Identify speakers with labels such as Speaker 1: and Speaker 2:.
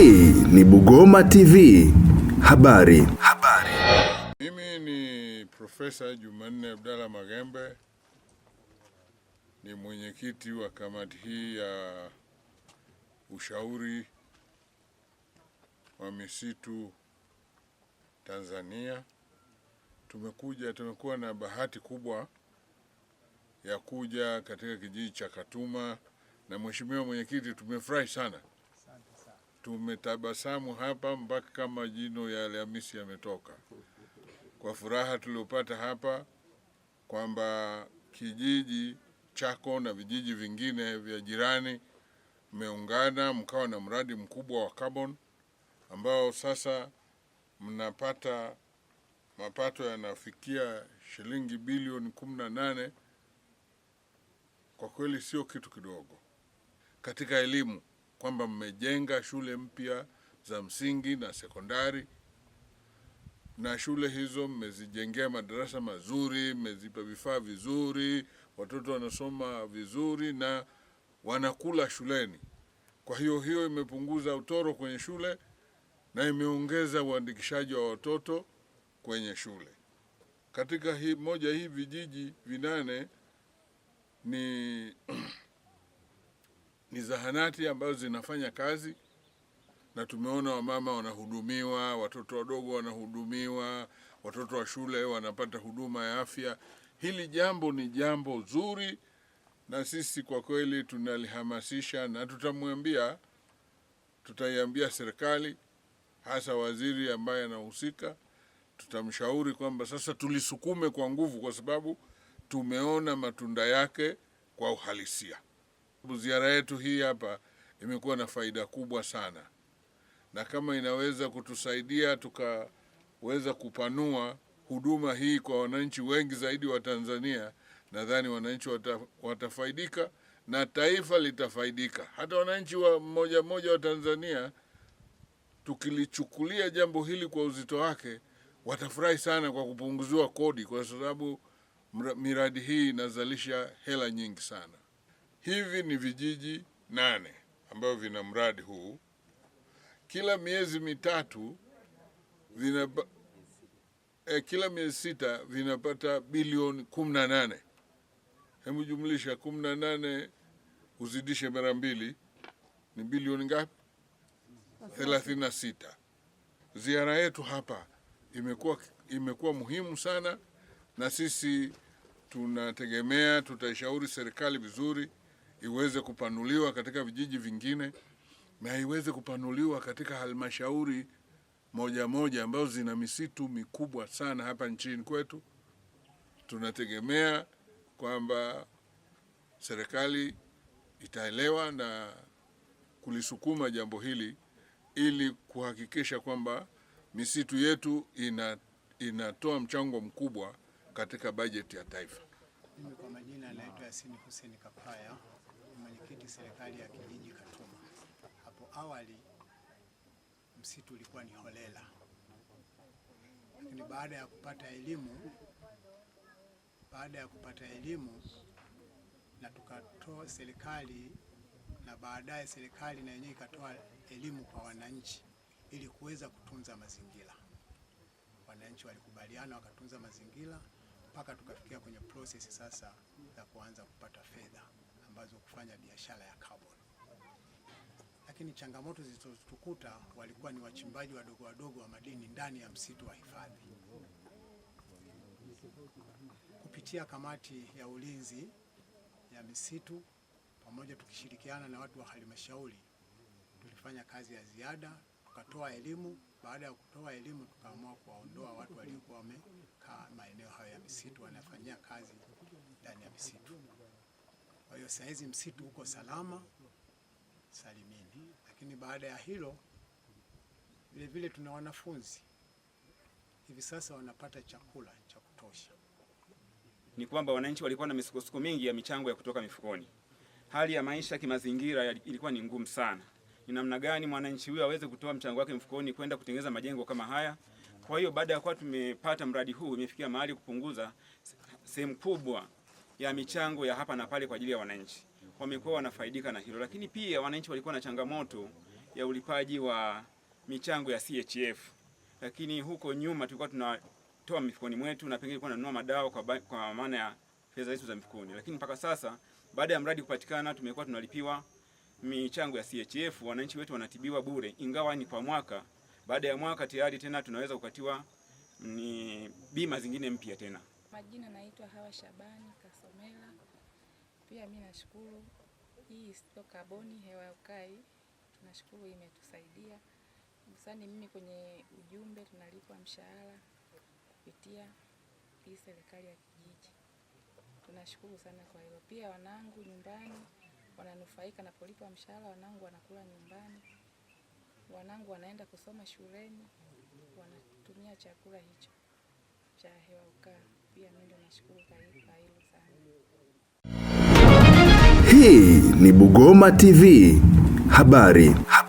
Speaker 1: Hii ni Bugoma TV. Habari. Habari. Mimi ni Profesa Jumanne Abdalla Magembe ni mwenyekiti wa kamati hii ya ushauri wa misitu Tanzania. Tumekuja, tumekuwa na bahati kubwa ya kuja katika kijiji cha Katuma na mheshimiwa mwenyekiti, tumefurahi sana tumetabasamu hapa mpaka kama jino ya Alhamisi yametoka, kwa furaha tuliopata hapa kwamba kijiji chako na vijiji vingine vya jirani mmeungana mkawa na mradi mkubwa wa carbon ambao sasa mnapata mapato yanafikia shilingi bilioni kumi na nane. Kwa kweli sio kitu kidogo katika elimu kwamba mmejenga shule mpya za msingi na sekondari, na shule hizo mmezijengea madarasa mazuri, mmezipa vifaa vizuri, watoto wanasoma vizuri na wanakula shuleni. Kwa hiyo hiyo imepunguza utoro kwenye shule na imeongeza uandikishaji wa watoto kwenye shule. Katika hii moja hii vijiji vinane ni ni zahanati ambazo zinafanya kazi na tumeona wamama wanahudumiwa, watoto wadogo wanahudumiwa, watoto wa shule wanapata huduma ya afya. Hili jambo ni jambo zuri, na sisi kwa kweli tunalihamasisha na tutamwambia, tutaiambia serikali, hasa waziri ambaye anahusika, tutamshauri kwamba sasa tulisukume kwa nguvu, kwa sababu tumeona matunda yake kwa uhalisia. Ziara yetu hii hapa imekuwa na faida kubwa sana, na kama inaweza kutusaidia tukaweza kupanua huduma hii kwa wananchi wengi zaidi wa Tanzania, nadhani wananchi wata, watafaidika na taifa litafaidika. Hata wananchi wa mmoja mmoja wa Tanzania tukilichukulia jambo hili kwa uzito wake, watafurahi sana kwa kupunguziwa kodi, kwa sababu miradi hii inazalisha hela nyingi sana. Hivi ni vijiji nane ambavyo vina mradi huu. Kila miezi mitatu vina, eh, kila miezi sita vinapata bilioni kumi na nane. Hebu jumlisha kumi na nane uzidishe mara mbili ni bilioni ngapi? thelathini na sita. Ziara yetu hapa imekuwa imekuwa muhimu sana, na sisi tunategemea tutaishauri serikali vizuri iweze kupanuliwa katika vijiji vingine na iweze kupanuliwa katika halmashauri moja moja ambazo zina misitu mikubwa sana hapa nchini kwetu. Tunategemea kwamba serikali itaelewa na kulisukuma jambo hili ili kuhakikisha kwamba misitu yetu ina, inatoa mchango mkubwa katika bajeti ya taifa.
Speaker 2: Mimi kwa majina naitwa Yasini Hussein Kapaya mwenyekiti serikali ya kijiji Katuma. Hapo awali msitu ulikuwa ni holela, lakini baada ya kupata elimu baada ya kupata elimu na tukatoa serikali na baadaye serikali na yenyewe ikatoa elimu kwa wananchi ili kuweza kutunza mazingira. Wananchi walikubaliana wakatunza mazingira mpaka tukafikia kwenye prosesi sasa za kuanza kupata fedha ambazo kufanya biashara ya carbon. Lakini changamoto zilizotukuta walikuwa ni wachimbaji wadogo wadogo wa madini ndani ya msitu wa hifadhi. Kupitia kamati ya ulinzi ya misitu pamoja, tukishirikiana na watu wa halmashauri, tulifanya kazi ya ziada, tukatoa elimu. Baada ya kutoa elimu, tukaamua kuwaondoa watu waliokuwa wamekaa maeneo hayo ya misitu, wanafanyia kazi ndani ya misitu. Kwa hiyo hizi msitu uko salama salimini, lakini baada ya hilo vile vile tuna wanafunzi hivi sasa wanapata chakula cha kutosha.
Speaker 3: Ni kwamba wananchi walikuwa na misukosuko mingi ya michango ya kutoka mifukoni. Hali ya maisha kimazingira ilikuwa ni ngumu sana. Ni namna gani mwananchi huyo aweze kutoa mchango wake mfukoni kwenda kutengeneza majengo kama haya? Kwa hiyo baada ya kuwa tumepata mradi huu, imefikia mahali kupunguza sehemu kubwa ya michango ya hapa na pale kwa ajili ya wananchi, wamekuwa wanafaidika na hilo, lakini pia wananchi walikuwa na changamoto ya ulipaji wa michango ya CHF, lakini huko nyuma tulikuwa tunatoa mifukoni mwetu na pengine tulikuwa tunanunua madawa kwa, kwa maana ya fedha zetu za mifukoni, lakini mpaka sasa baada ya mradi kupatikana tumekuwa tunalipiwa michango ya CHF, wananchi wetu wanatibiwa bure, ingawa ni kwa mwaka. Baada ya mwaka tayari tena tunaweza kukatiwa ni mm, bima zingine mpya tena.
Speaker 4: Majina naitwa Hawa Shabani. ka Pamela. Pia mi nashukuru hii sio kaboni, hewa ya ukai tunashukuru imetusaidia sana. Mimi kwenye ujumbe tunalipwa mshahara kupitia hii serikali ya kijiji, tunashukuru sana kwa hilo. Pia wanangu nyumbani wananufaika napolipwa mshahara, wanangu wanakula nyumbani, wanangu wanaenda kusoma shuleni, wanatumia chakula hicho cha hewa ukaa pia mimi ndo nashukuru kwa hilo sana. Hii ni Bugoma TV habari.